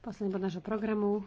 Posledný bod nášho programu.